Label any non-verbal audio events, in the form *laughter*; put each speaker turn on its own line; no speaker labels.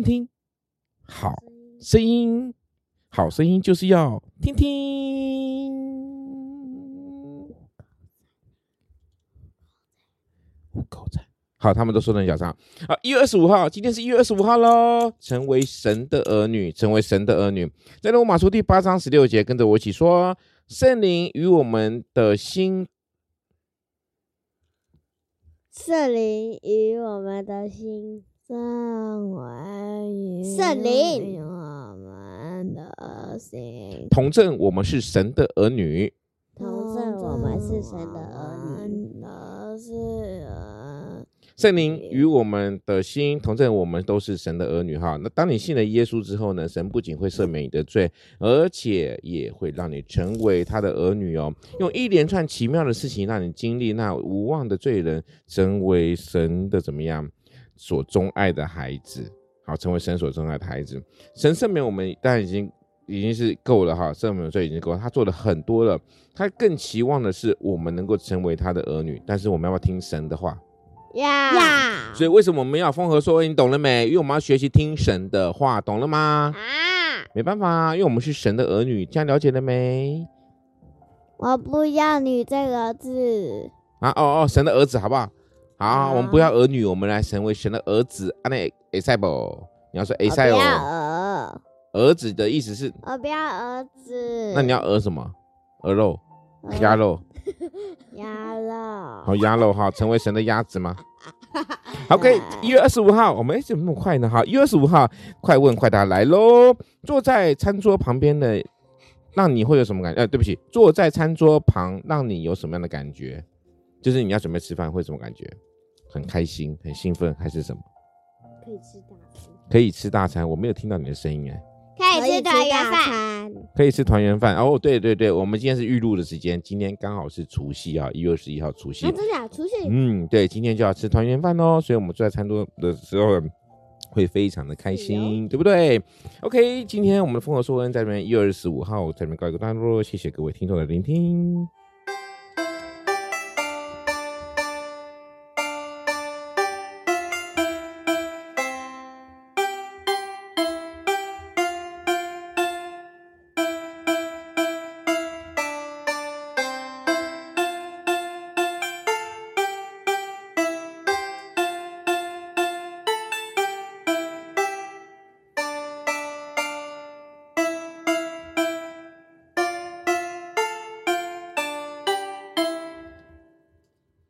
聽聽，好聲音，好聲音就是要聽聽。好，他們都說成小張。啊，一月二十五號，今天是一月二十五號嘍。成為神的兒女，成為神的兒女，在羅馬書第八章十六節，跟着我一起說：“聖靈與我們的心。”聖靈與我們的心。聖靈與我們的心同證，我們是神的兒女。同證，我們是神的兒女。兒女。聖靈與我們的心同證，我們都是神的兒女。哈，那當你信了耶穌之後呢？神不僅會赦免你的罪，而且也會讓你成為他的兒女哦。用一連串奇妙的事情讓你經歷，那無望的罪人成為神的怎麼樣？所鍾愛的孩子，好，成為神所鍾愛的孩子。神赦免我們，當然已經已經是夠了哈，赦免罪所以已經夠了。他做了很多了，他更期望的是我們能夠成為他的兒女。但是我們要，不要聽神的話，要、yeah. yeah.。所以為什麼我們要豐禾碩恩，你懂了沒？因為我們要學習聽神的話，懂了嗎？啊、ah.，沒辦法，因為我們是神的兒女，這樣了解了沒？我不要你這個兒子啊！哦哦，神的兒子，好不好？好、啊啊，我們不要兒女，我們來成為神的兒子。阿內埃塞博，你要說埃塞博。不要兒兒子的意思是。我不要兒子。那你要鵝什麼？鵝肉、鴨、呃、肉、鴨 *laughs* 肉。好，鴨肉哈，成為神的鴨子嗎 *laughs* ？OK，一月二十五號，我們哎、欸、怎麼那麼快呢？哈，一月二十五號，快問快答來嘍。坐在餐桌旁邊的，讓你會有什麼感覺？哎、呃，對不起，坐在餐桌旁讓你有什麼樣的感覺？就是你要準備吃飯會有什麼感覺？很開心，很興奮，還是什麼？可以吃大餐，可以吃大餐。我沒有聽到你的聲音哎。可以吃團圓飯。可以吃團圓飯。哦，對對對，我們今天是預錄的時間，今天剛好是除夕啊，一月二十一號除夕。真、啊、的、就是啊、除夕。嗯，對，今天就要吃團圓飯哦，所以我們坐在餐桌的時候會非常的開心，對,對不對？OK，今天我們的豐禾碩恩在這邊一月二十五號在這邊告一個，段落，謝謝各位聽眾的聆聽,聽。